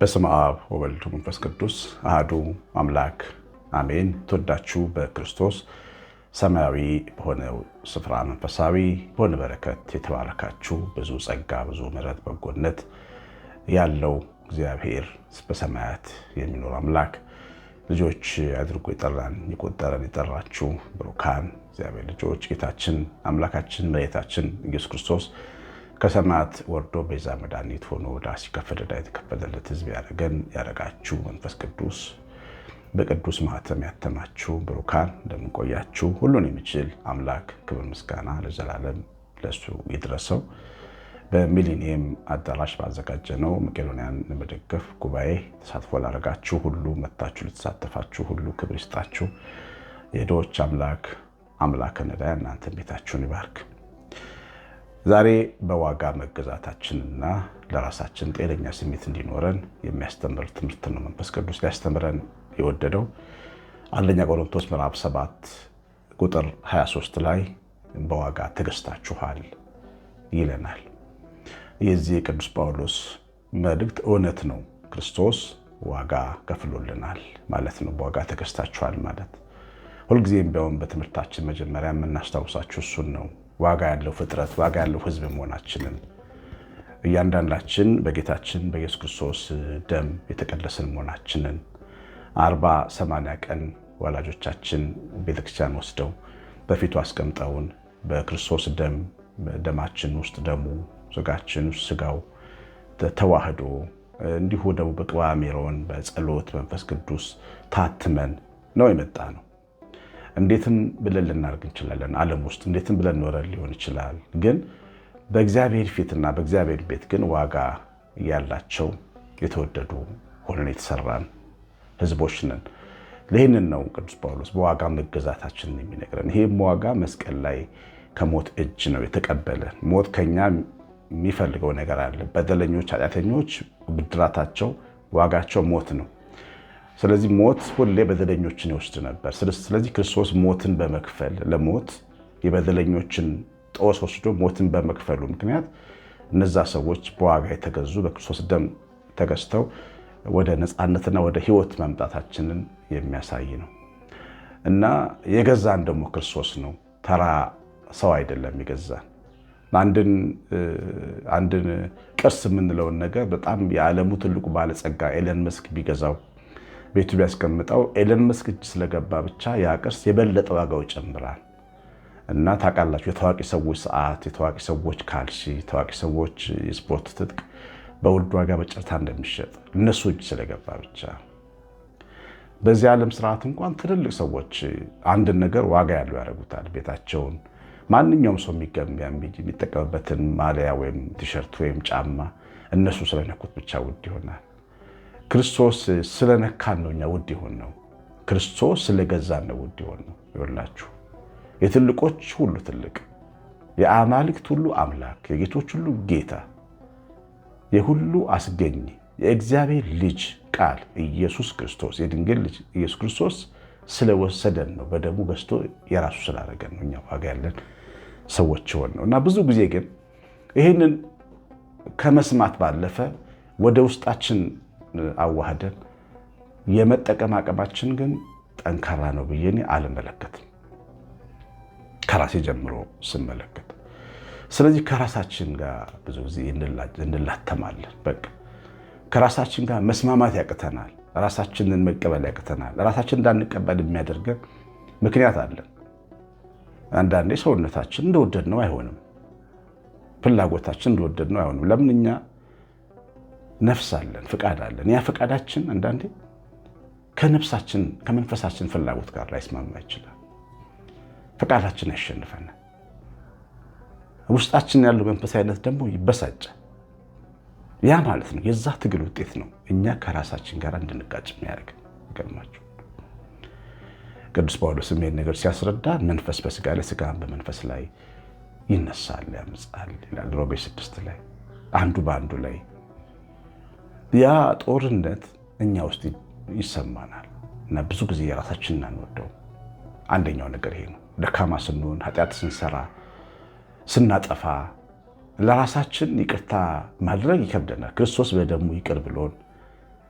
በስመ አብ ወወልድ መንፈስ ቅዱስ አህዱ አምላክ አሜን። ተወዳችሁ በክርስቶስ ሰማያዊ በሆነው ስፍራ መንፈሳዊ በሆነ በረከት የተባረካችሁ ብዙ ጸጋ፣ ብዙ ምሕረት፣ በጎነት ያለው እግዚአብሔር በሰማያት የሚኖር አምላክ ልጆች አድርጎ የጠራን የቆጠረን የጠራችሁ ብሩካን እግዚአብሔር ልጆች ጌታችን አምላካችን መሬታችን ኢየሱስ ክርስቶስ ከሰማያት ወርዶ ቤዛ መድኃኒት ሆኖ ዕዳ ሲከፈል ዕዳ የተከፈለለት ሕዝብ ያደረገን ያደረጋችሁ መንፈስ ቅዱስ በቅዱስ ማህተም ያተማችሁ ብሩካን እንደምንቆያችሁ ሁሉን የሚችል አምላክ ክብር ምስጋና ለዘላለም ለሱ ይድረሰው። በሚሊኒየም አዳራሽ ባዘጋጀ ነው መቄዶንያን ለመደገፍ ጉባኤ ተሳትፎ ላደረጋችሁ ሁሉ መታችሁ ልተሳተፋችሁ ሁሉ ክብር ይስጣችሁ። የድሆች አምላክ አምላከ ነዳያን እናንተ ቤታችሁን ይባርክ። ዛሬ በዋጋ መገዛታችንና ለራሳችን ጤነኛ ስሜት እንዲኖረን የሚያስተምር ትምህርት ነው መንፈስ ቅዱስ ሊያስተምረን የወደደው አንደኛ ቆሮንቶስ ምዕራፍ 7 ቁጥር 23 ላይ በዋጋ ተገዝታችኋል ይለናል። የዚህ የቅዱስ ጳውሎስ መልእክት እውነት ነው። ክርስቶስ ዋጋ ከፍሎልናል ማለት ነው። በዋጋ ተገዝታችኋል ማለት ሁልጊዜም ቢሆን በትምህርታችን መጀመሪያ የምናስታውሳችሁ እሱን ነው። ዋጋ ያለው ፍጥረት፣ ዋጋ ያለው ሕዝብ መሆናችንን እያንዳንዳችን በጌታችን በኢየሱስ ክርስቶስ ደም የተቀደስን መሆናችንን አርባ ሰማንያ ቀን ወላጆቻችን ቤተክርስቲያን ወስደው በፊቱ አስቀምጠውን በክርስቶስ ደም ደማችን ውስጥ ደሙ ስጋችን ስጋው ተዋህዶ እንዲሁ ደግሞ በቅባ በጸሎት መንፈስ ቅዱስ ታትመን ነው የመጣ ነው። እንዴትም ብለን ልናደርግ እንችላለን። ዓለም ውስጥ እንዴትም ብለን ኖረን ሊሆን ይችላል። ግን በእግዚአብሔር ፊትና በእግዚአብሔር ቤት ግን ዋጋ ያላቸው የተወደዱ ሆነን የተሰራን ህዝቦች ነን። ይህንን ነው ቅዱስ ጳውሎስ በዋጋ መገዛታችንን የሚነግረን። ይህም ዋጋ መስቀል ላይ ከሞት እጅ ነው የተቀበለ ሞት ከኛ የሚፈልገው ነገር አለ። በደለኞች፣ ኃጢአተኞች ብድራታቸው ዋጋቸው ሞት ነው። ስለዚህ ሞት ሁሌ በደለኞችን ይወስድ ነበር። ስለዚህ ክርስቶስ ሞትን በመክፈል ለሞት የበደለኞችን ጦስ ወስዶ ሞትን በመክፈሉ ምክንያት እነዛ ሰዎች በዋጋ የተገዙ በክርስቶስ ደም ተገዝተው ወደ ነፃነትና ወደ ህይወት መምጣታችንን የሚያሳይ ነው እና የገዛን ደግሞ ክርስቶስ ነው። ተራ ሰው አይደለም የገዛን አንድን ቅርስ የምንለውን ነገር በጣም የዓለሙ ትልቁ ባለጸጋ ኤለን መስክ ቢገዛው ቤቱ ቢያስቀምጠው ኤለን መስክ እጅ ስለገባ ብቻ ያ ቅርስ የበለጠ ዋጋው ይጨምራል። እና ታውቃላችሁ የታዋቂ ሰዎች ሰዓት፣ የታዋቂ ሰዎች ካልሲ፣ የታዋቂ ሰዎች የስፖርት ትጥቅ በውድ ዋጋ በጨርታ እንደሚሸጥ እነሱ እጅ ስለገባ ብቻ። በዚህ ዓለም ስርዓት እንኳን ትልልቅ ሰዎች አንድን ነገር ዋጋ ያለው ያደርጉታል። ቤታቸውን ማንኛውም ሰው የሚጠቀምበትን ማሊያ ወይም ቲሸርት ወይም ጫማ እነሱ ስለነኩት ብቻ ውድ ይሆናል። ክርስቶስ ስለነካን ነው እኛ ውድ ይሆን ነው። ክርስቶስ ስለገዛን ነው ውድ ይሆን ነው። ይወላችሁ የትልቆች ሁሉ ትልቅ፣ የአማልክት ሁሉ አምላክ፣ የጌቶች ሁሉ ጌታ፣ የሁሉ አስገኝ የእግዚአብሔር ልጅ ቃል ኢየሱስ ክርስቶስ የድንግል ልጅ ኢየሱስ ክርስቶስ ስለወሰደን ነው። በደሙ ገዝቶ የራሱ ስላደረገን ነው እኛ ዋጋ ያለን ሰዎች ሆን ነው እና ብዙ ጊዜ ግን ይህንን ከመስማት ባለፈ ወደ ውስጣችን አዋህደን የመጠቀም አቅማችን ግን ጠንካራ ነው ብዬ አልመለከትም፣ ከራሴ ጀምሮ ስመለከት። ስለዚህ ከራሳችን ጋር ብዙ ጊዜ እንላተማለን። በቃ ከራሳችን ጋር መስማማት ያቅተናል። ራሳችንን መቀበል ያቅተናል። ራሳችን እንዳንቀበል የሚያደርገን ምክንያት አለን። አንዳንዴ ሰውነታችን እንደወደድ ነው አይሆንም፣ ፍላጎታችን እንደወደድነው አይሆንም። ለምን እኛ ነፍስ አለን፣ ፍቃድ አለን። ያ ፍቃዳችን አንዳንዴ ከነፍሳችን ከመንፈሳችን ፍላጎት ጋር ላይስማማ ይችላል። ፍቃዳችን ያሸንፈናል። ውስጣችን ያለው መንፈሳዊነት ደግሞ ይበሳጫል። ያ ማለት ነው የዛ ትግል ውጤት ነው። እኛ ከራሳችን ጋር እንድንጋጭ የሚያደርግ ገርማቸው ቅዱስ ጳውሎስ ይሄን ነገር ሲያስረዳ መንፈስ በስጋ ላይ ስጋን በመንፈስ ላይ ይነሳል፣ ያምጻል ይላል ሮሜ ስድስት ላይ አንዱ በአንዱ ላይ ያ ጦርነት እኛ ውስጥ ይሰማናል እና ብዙ ጊዜ የራሳችን እናንወደው። አንደኛው ነገር ይሄ ነው። ደካማ ስንሆን ኃጢአት ስንሰራ ስናጠፋ ለራሳችን ይቅርታ ማድረግ ይከብደናል። ክርስቶስ በደሙ ይቅር ብሎን፣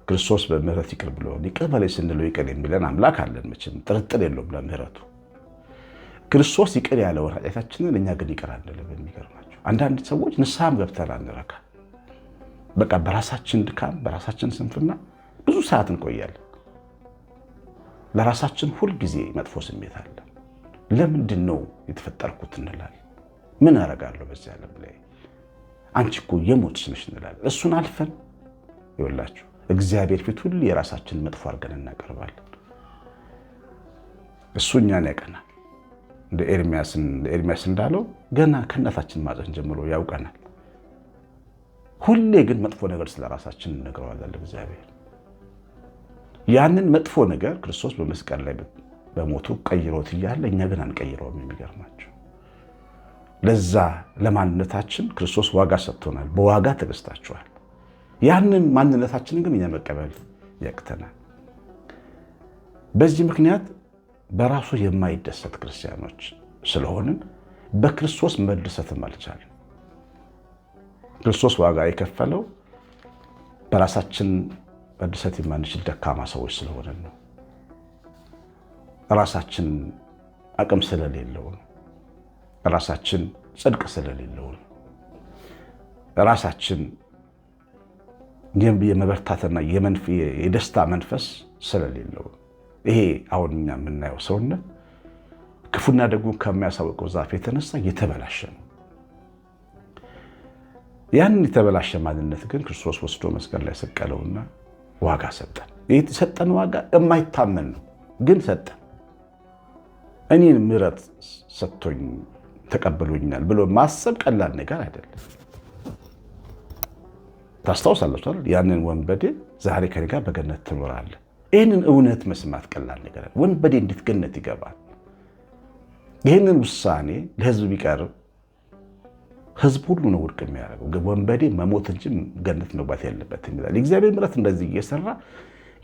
ክርስቶስ በምህረት ይቅር ብሎን፣ ይቅር በላይ ስንለው ይቅር የሚለን አምላክ አለን። መቼም ጥርጥር የለውም ለምህረቱ። ክርስቶስ ይቅር ያለውን ኃጢአታችንን እኛ ግን ይቅር አንልም። የሚገርማቸው አንዳንድ ሰዎች ንስሐም ገብተን አንረካ። በቃ በራሳችን ድካም፣ በራሳችን ስንፍና ብዙ ሰዓት እንቆያለን። ለራሳችን ሁልጊዜ መጥፎ ስሜት አለ። ለምንድን ነው የተፈጠርኩት እንላለን። ምን አረጋለሁ በዚህ ዓለም ላይ አንቺ እኮ የሞትሽ ነሽ እንላለን። እሱን አልፈን ይወላችሁ እግዚአብሔር ፊት ሁሉ የራሳችንን መጥፎ አድርገን እናቀርባለን። እሱ እኛን ያቀናል። እንደ ኤርሚያስ እንዳለው ገና ከእናታችን ማፀን ጀምሮ ያውቀናል። ሁሌ ግን መጥፎ ነገር ስለ ራሳችን እንነግረዋለን እግዚአብሔር። ያንን መጥፎ ነገር ክርስቶስ በመስቀል ላይ በሞቱ ቀይሮት እያለ እኛ ግን አንቀይረውም። የሚገርማቸው ለዛ ለማንነታችን ክርስቶስ ዋጋ ሰጥቶናል። በዋጋ ተገዝታችኋል። ያንን ማንነታችንን ግን እኛ መቀበል ያቅተናል። በዚህ ምክንያት በራሱ የማይደሰት ክርስቲያኖች ስለሆንን በክርስቶስ መደሰትም አልቻለም። ክርስቶስ ዋጋ የከፈለው በራሳችን መደሰት የማንችል ደካማ ሰዎች ስለሆንን ነው። ራሳችን አቅም ስለሌለው ነው። ራሳችን ጽድቅ ስለሌለውን ራሳችን የመበርታትና የደስታ መንፈስ ስለሌለውን ይሄ አሁን እኛ የምናየው ሰውነት ክፉና ደግሞ ከሚያሳውቀው ዛፍ የተነሳ የተበላሸ ነው። ያንን የተበላሸ ማንነት ግን ክርስቶስ ወስዶ መስቀል ላይ ሰቀለውና ዋጋ ሰጠን። የሰጠን ዋጋ የማይታመን ነው፣ ግን ሰጠን። እኔን ምረት ሰጥቶኝ ተቀበሉኛል ብሎ ማሰብ ቀላል ነገር አይደለም። ታስታውሳለች ያንን ወንበዴ ዛሬ ከኔ ጋር በገነት ትኖራለ ይህንን እውነት መስማት ቀላል ነገር ወንበዴ እንዴት ገነት ይገባል? ይህንን ውሳኔ ለህዝብ ቢቀርብ ህዝብ ሁሉ ነው ውድቅ የሚያደርገው። ወንበዴ መሞት እንጂ ገነት መግባት ያለበት ይላል። እግዚአብሔር። ምሕረት እንደዚህ እየሰራ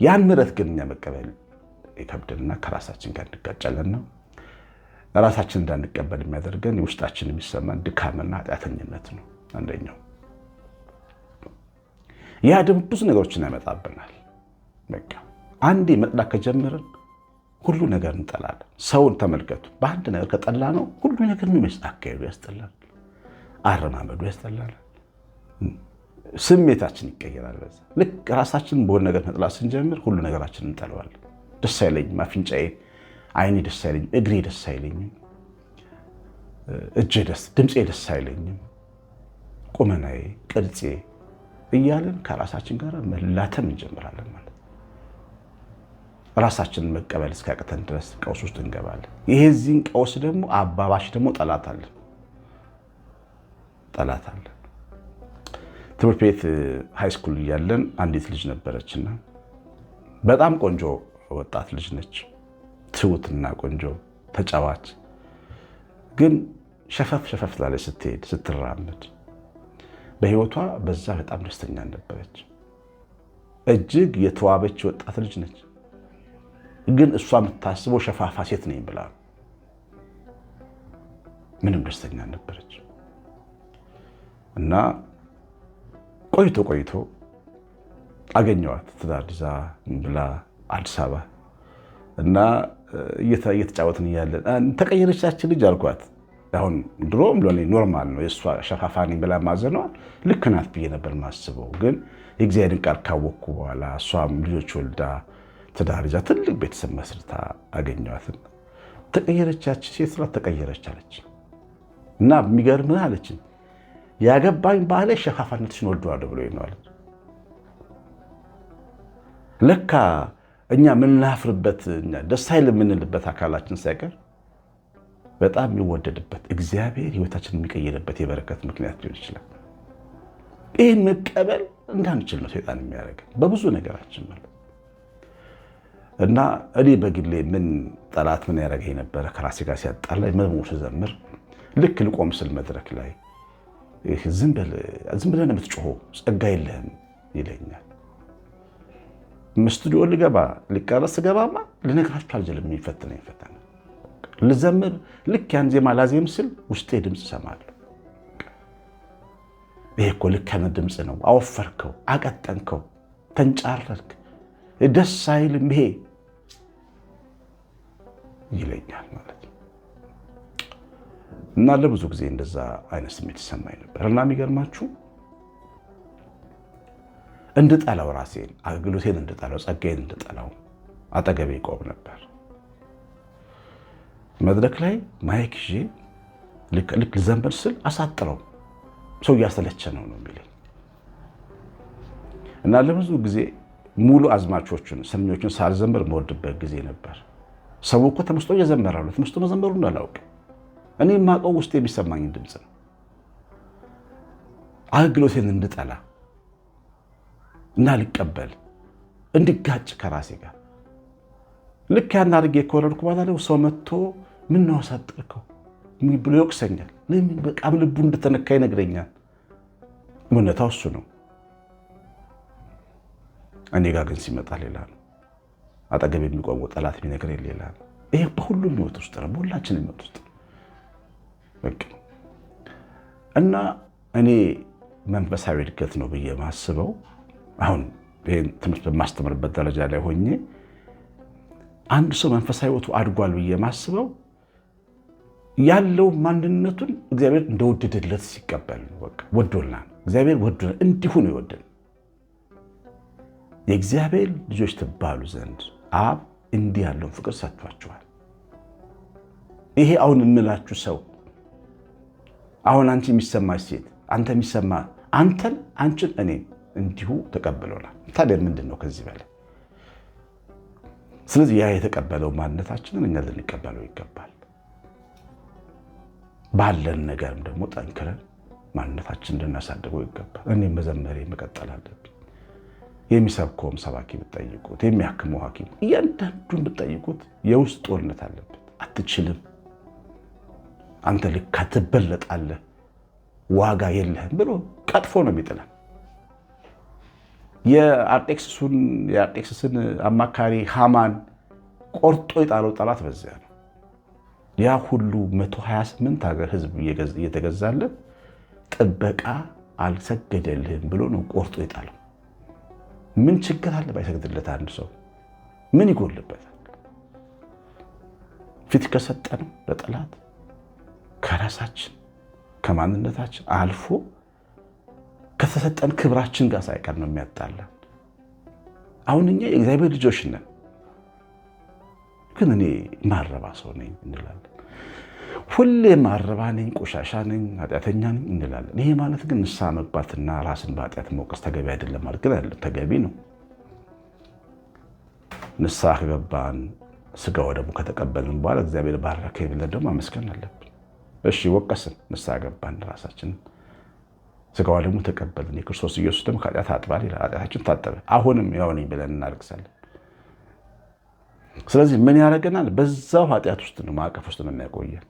ያን ምሕረት ግን እኛ መቀበል ከራሳችን ጋር እንጋጫለን ነው ራሳችን እንዳንቀበል የሚያደርገን የውስጣችን የሚሰማን ድካምና ኃጢአተኝነት ነው። አንደኛው ያ ደግሞ ብዙ ነገሮችን ያመጣብናል። በቃ አንዴ መጥላት ከጀመርን ሁሉ ነገር እንጠላለን። ሰውን ተመልከቱ። በአንድ ነገር ከጠላ ነው ሁሉ ነገር የሚመስ አካሄዱ ያስጠላል፣ አረማመዱ ያስጠላል፣ ስሜታችን ይቀየራል። በዛ ልክ ራሳችን በሆነ ነገር መጥላት ስንጀምር ሁሉ ነገራችን እንጠለዋለን። ደስ አይለኝም አፍንጫዬ አይኔ ደስ አይለኝም፣ እግሬ ደስ አይለኝም፣ እጄ ደስ ድምፄ ደስ አይለኝም፣ ቁመናዬ፣ ቅርፄ እያለን ከራሳችን ጋር መላተም እንጀምራለን ማለት ራሳችንን መቀበል እስካቅተን ድረስ ቀውስ ውስጥ እንገባለን። ይሄ እዚህን ቀውስ ደግሞ አባባሽ ደግሞ ጠላት አለን ጠላት አለ። ትምህርት ቤት ሃይስኩል እያለን አንዲት ልጅ ነበረችና በጣም ቆንጆ ወጣት ልጅ ነች። ትውትና ቆንጆ ተጫዋች ግን ሸፈፍ ሸፈፍ ላለች ስትሄድ ስትራመድ በህይወቷ በዛ በጣም ደስተኛ ነበረች። እጅግ የተዋበች ወጣት ልጅ ነች። ግን እሷ የምታስበው ሸፋፋ ሴት ነኝ ብላ ምንም ደስተኛ ነበረች። እና ቆይቶ ቆይቶ አገኘዋት ትዳር ይዛ ብላ አዲስ አበባ እና እየተጫወትን እያለን ተቀየረቻችን ልጅ አልኳት። አሁን ድሮም ለ ኖርማል ነው የእሷ ሸፋፋኒ ብላ ማዘኗ ልክ ናት ብዬ ነበር ማስበው። ግን የእግዚአብሔርን ቃል ካወቅኩ በኋላ እሷም ልጆች ወልዳ ትዳር ይዛ ትልቅ ቤተሰብ መስርታ አገኘዋትን ተቀየረቻች። ሴት ስላት ተቀየረች አለች እና የሚገርምህ አለችን ያገባኝ ባለ ሸፋፋነትሽን ወደዋለሁ ብሎ ይነዋለች ለካ እኛ የምናፍርበት ደስ ይል የምንልበት አካላችን ሳይቀር በጣም የሚወደድበት እግዚአብሔር ህይወታችን የሚቀይርበት የበረከት ምክንያት ሊሆን ይችላል። ይህን መቀበል እንዳንችል ነው ሰይጣን የሚያደርገን በብዙ ነገራችን ማለት እና እኔ በግሌ ምን ጠላት ምን ያደረገኝ ነበረ? ከራሴ ጋር ሲያጣላይ መዝሙር ስዘምር ልክ ልቆም ስል መድረክ ላይ ዝም ብለህ ነው የምትጮኸው፣ ጸጋ የለህም ይለኛል። ስቱዲዮ ልገባ ልቀረጽ ስገባማ ልነግራችሁ አልችልም። የሚፈትን ይፈተነ ልዘምር ልክ ያን ዜማ ላዜም ስል ውስጤ ድምፅ እሰማለሁ። ይሄ እኮ ያነ ድምፅ ነው። አወፈርከው፣ አቀጠንከው፣ ተንጫረርክ፣ ደስ አይልም ይሄ ይለኛል ማለት ነው። እና ለብዙ ጊዜ እንደዛ አይነት ስሜት ይሰማኝ ነበር እና የሚገርማችሁ እንድጠላው ራሴን አገልግሎቴን እንድጠላው ጸጋዬን እንድጠላው አጠገቤ ይቆም ነበር። መድረክ ላይ ማይክ ይዤ ልክ ልዘንበል ስል አሳጥረው ሰው እያሰለቸ ነው ነው የሚለኝ እና ለብዙ ጊዜ ሙሉ አዝማቾቹን ሰኞቹን ሳልዘምር መወድበት ጊዜ ነበር። ሰው እኮ ተመስጦ እየዘመረ ነው። ተመስጦ መዘመሩን አላውቅም። እኔ የማውቀው ውስጥ የሚሰማኝ ድምፅ ነው። አገልግሎቴን እንድጠላ እንዳልቀበል እንድጋጭ ከራሴ ጋር ልክ ያን አድርጌ ከወረድኩ በኋላ ላይ ሰው መጥቶ ምን ነው ብሎ ይወቅሰኛል። ለምን በቃም ልቡ እንደተነካ ይነግረኛል። እውነታው እሱ ነው። እኔ ጋር ግን ሲመጣ ሌላ ነው። አጠገብ የሚቆመው ጠላት የሚነግር ሌላ ነው። ይሄ በሁሉም ህይወት ውስጥ ነው፣ በሁላችን ህይወት ውስጥ እና እኔ መንፈሳዊ እድገት ነው ብዬ ማስበው አሁን ይህን ትምህርት በማስተምርበት ደረጃ ላይ ሆኜ አንድ ሰው መንፈሳዊ ወቱ አድጓል ብዬ ማስበው ያለው ማንነቱን እግዚአብሔር እንደወደደለት ሲቀበል ወዶልና እግዚአብሔር ወዶ እንዲሁ ነው ይወደን። የእግዚአብሔር ልጆች ትባሉ ዘንድ አብ እንዲህ ያለውን ፍቅር ሰጥቷቸዋል። ይሄ አሁን የምላችሁ ሰው አሁን አንቺ የሚሰማች ሴት አንተ የሚሰማ አንተን አንቺን እኔ እንዲሁ ተቀብሎናል። ታዲያ ምንድን ነው ከዚህ በላይ? ስለዚህ ያ የተቀበለው ማንነታችንን እኛ ልንቀበለው ይገባል። ባለን ነገርም ደግሞ ጠንክረን ማንነታችንን ልናሳድገው ይገባል። እኔ መዘመሬ መቀጠል አለብኝ። የሚሰብከውም ሰባኪ ብጠይቁት፣ የሚያክመው ሐኪም እያንዳንዱን ብጠይቁት የውስጥ ጦርነት አለበት። አትችልም፣ አንተ ልክ አትበለጣለህ፣ ዋጋ የለህም ብሎ ቀጥፎ ነው የሚጥለን። የአርጤክስስን አማካሪ ሃማን ቆርጦ የጣለው ጠላት በዚያ ነው። ያ ሁሉ 128 ሀገር ህዝብ እየተገዛለት ጥበቃ አልሰገደልህም ብሎ ነው ቆርጦ የጣለው። ምን ችግር አለ ባይሰግድለት? አንድ ሰው ምን ይጎልበታል? ፊት ከሰጠነው ለጠላት ከራሳችን ከማንነታችን አልፎ ከተሰጠን ክብራችን ጋር ሳይቀር ነው የሚያጣለን። አሁን እኛ የእግዚአብሔር ልጆች ነን፣ ግን እኔ ማረባ ሰው ነኝ እንላለን። ሁሌ ማረባ ነኝ፣ ቆሻሻ ነኝ፣ ኃጢአተኛ ነኝ እንላለን። ይሄ ማለት ግን ንስሐ መግባትና ራስን በኃጢአት መውቀስ ተገቢ አይደለም ማለት ግን አይደለም፣ ተገቢ ነው። ንስሐ ከገባን ስጋ ወደሙ ከተቀበልን በኋላ እግዚአብሔር ባረከ ብለን ደግሞ አመስገን አለብን። እሺ ወቀስን፣ ንስሐ ገባን ራሳችንን ስጋዋ ደግሞ ተቀበልን። የክርስቶስ ኢየሱስ ደግሞ ከኃጢአት አጥባል ይላል። ኃጢአታችን ታጠበ። አሁንም ያው ነኝ ብለን እናለቅሳለን። ስለዚህ ምን ያደርገናል? በዛው ኃጢአት ውስጥ ነው ማዕቀፍ ውስጥ ነው የሚያቆየን።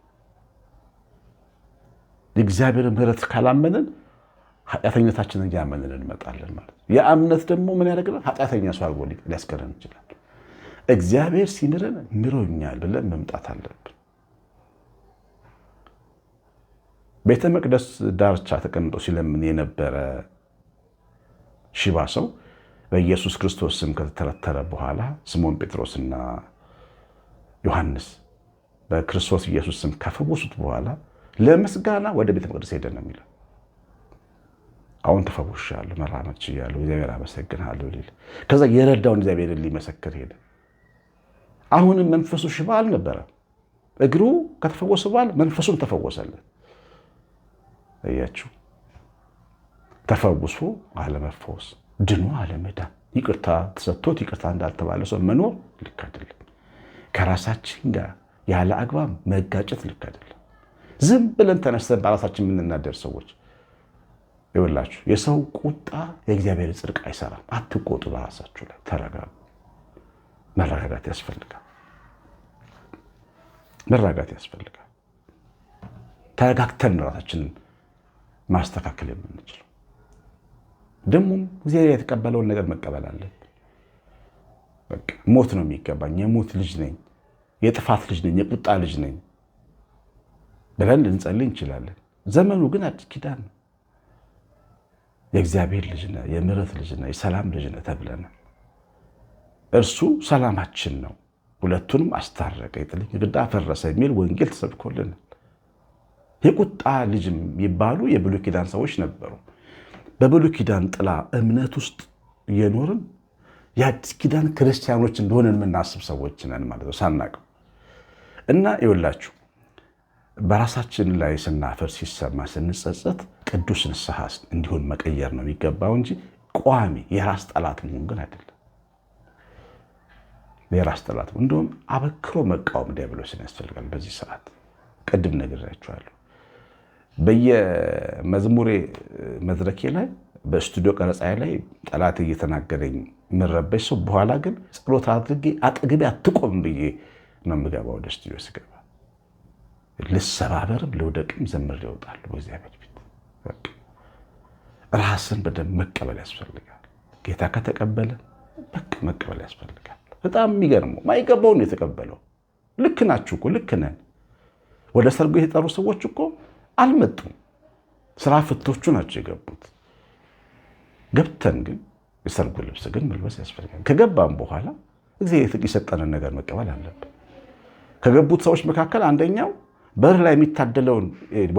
የእግዚአብሔር ምሕረት ካላመንን ኃጢአተኝነታችንን እያመንን እንመጣለን ማለት ነው። ያ እምነት ደግሞ ምን ያደርገናል? ኃጢአተኛ ሰው አድርጎ ሊያስገረን ይችላል። እግዚአብሔር ሲምረን ምሮኛል ብለን መምጣት አለን። ቤተ መቅደስ ዳርቻ ተቀምጦ ሲለምን የነበረ ሽባ ሰው በኢየሱስ ክርስቶስ ስም ከተተረተረ በኋላ ስምዖን ጴጥሮስና ዮሐንስ በክርስቶስ ኢየሱስ ስም ከፈወሱት በኋላ ለምስጋና ወደ ቤተ መቅደስ ሄደ ነው የሚለው። አሁን ተፈውሻለሁ፣ መራመድ ችያለሁ፣ እግዚአብሔር አመሰግናለሁ ሊል ከዛ የረዳውን እግዚአብሔርን ሊመሰክር ሄደ። አሁንም መንፈሱ ሽባ አልነበረም። እግሩ ከተፈወሰ በኋላ መንፈሱም ተፈወሰለት። እያችሁ ተፈውሶ አለመፈወስ ድኖ አለመዳን ይቅርታ ተሰጥቶት ይቅርታ እንዳልተባለ ሰው መኖር ልክ አይደለም። ከራሳችን ጋር ያለ አግባብ መጋጨት ልክ አይደለም። ዝም ብለን ተነስተን በራሳችን የምንናደር ሰዎች ይወላችሁ፣ የሰው ቁጣ የእግዚአብሔር ጽድቅ አይሰራም። አትቆጡ፣ በራሳችሁ ላይ ተረጋጉ። መረጋጋት ያስፈልጋል። መረጋጋት ያስፈልጋል። ተረጋግተን ራሳችንን ማስተካከል የምንችለው። ደግሞም እግዚአብሔር የተቀበለውን ነገር መቀበል አለብን። ሞት ነው የሚገባኝ፣ የሞት ልጅ ነኝ፣ የጥፋት ልጅ ነኝ፣ የቁጣ ልጅ ነኝ ብለን ልንጸልይ እንችላለን። ዘመኑ ግን አዲስ ኪዳን ነው። የእግዚአብሔር ልጅ ነህ፣ የምሕረት ልጅ ነህ፣ የሰላም ልጅ ነህ ተብለናል። እርሱ ሰላማችን ነው፣ ሁለቱንም አስታረቀ፣ የጥልን ግድግዳ አፈረሰ የሚል ወንጌል ተሰብኮልናል። የቁጣ ልጅም የሚባሉ የብሉይ ኪዳን ሰዎች ነበሩ። በብሉይ ኪዳን ጥላ እምነት ውስጥ እየኖርን የአዲስ ኪዳን ክርስቲያኖች እንደሆነ የምናስብ ሰዎች ነን ማለት ነው ሳናቅም። እና ይወላችሁ በራሳችን ላይ ስናፈር፣ ሲሰማ፣ ስንጸጸት ቅዱስ ንስሐ እንዲሆን መቀየር ነው የሚገባው እንጂ ቋሚ የራስ ጠላት መሆን ግን አይደለም። የራስ ጠላት እንደውም አበክሮ መቃወም ዲያብሎስን ያስፈልጋል። በዚህ ሰዓት ቅድም ነግሬያችኋለሁ። በየመዝሙሬ መድረኬ ላይ በስቱዲዮ ቀረጻ ላይ ጠላት እየተናገረኝ የምረበሽ ሰው በኋላ ግን ጸሎት አድርጌ አጠገቤ አትቆም ብዬ ነው የምገባው። ወደ ስቱዲዮ ስገባ ልሰባበርም ልውደቅም ዘምሬ እወጣለሁ በእግዚአብሔር ፊት። ራስን በደንብ መቀበል ያስፈልጋል። ጌታ ከተቀበለ በቃ መቀበል ያስፈልጋል። በጣም የሚገርመው ማይገባውን የተቀበለው ልክ ናችሁ እኮ ልክ ነን። ወደ ሰርጉ የተጠሩ ሰዎች እኮ አልመጡም። ስራ ፍቶቹ ናቸው የገቡት። ገብተን ግን የሰርጉ ልብስ ግን መልበስ ያስፈልጋል። ከገባም በኋላ እግዚአብሔር የሰጠንን ነገር መቀበል አለብን። ከገቡት ሰዎች መካከል አንደኛው በር ላይ የሚታደለውን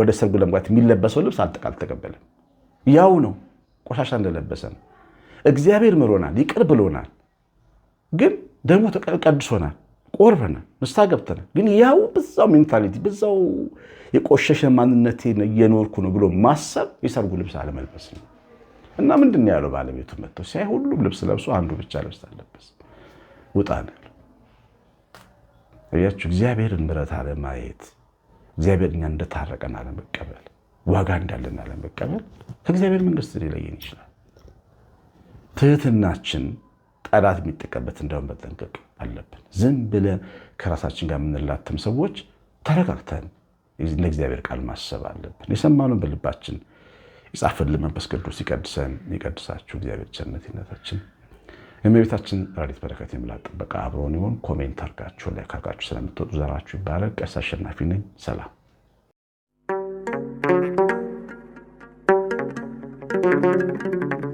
ወደ ሰርጉ ለመግባት የሚለበሰው ልብስ አልተቀበለም። ያው ነው፣ ቆሻሻ እንደለበሰ ነው። እግዚአብሔር ምሮናል፣ ይቅር ብሎናል፣ ግን ደግሞ ተቀድሶናል። ቆርበነ ንስሐ ገብተነ ግን ያው በዛው ሜንታሊቲ በዛው የቆሸሸ ማንነቴን እየኖርኩ ነው ብሎ ማሰብ የሰርጉ ልብስ አለመልበስ ነው። እና ምንድን ነው ያለው ባለቤቱ መጥተው ሲያይ ሁሉም ልብስ ለብሶ አንዱ ብቻ ልብስ አለበስ ውጣ ነው እግዚአብሔርን ምሕረት አለማየት፣ እግዚአብሔር እኛ እንደታረቀን አለመቀበል፣ ዋጋ እንዳለን አለመቀበል ከእግዚአብሔር መንግስት ሊለየን ይችላል። ትህትናችን ጠላት የሚጠቀበት እንደውም መጠንቀቅ አለብን። ዝም ብለን ከራሳችን ጋር የምንላትም ሰዎች ተረጋግተን እንደ እግዚአብሔር ቃል ማሰብ አለብን። የሰማነውን በልባችን የጻፈልን መንፈስ ቅዱስ ይቀድሰን፣ ይቀድሳችሁ። እግዚአብሔር ቸርነት ይነታችን የእመቤታችን ረድኤት በረከት የምላት ጥበቃ አብሮን ይሁን። ኮሜንት አርጋችሁ ላይ ካርጋችሁ ስለምትወጡ ዘራችሁ ይባላል። ቀሲስ አሸናፊ ነኝ። ሰላም Thank you.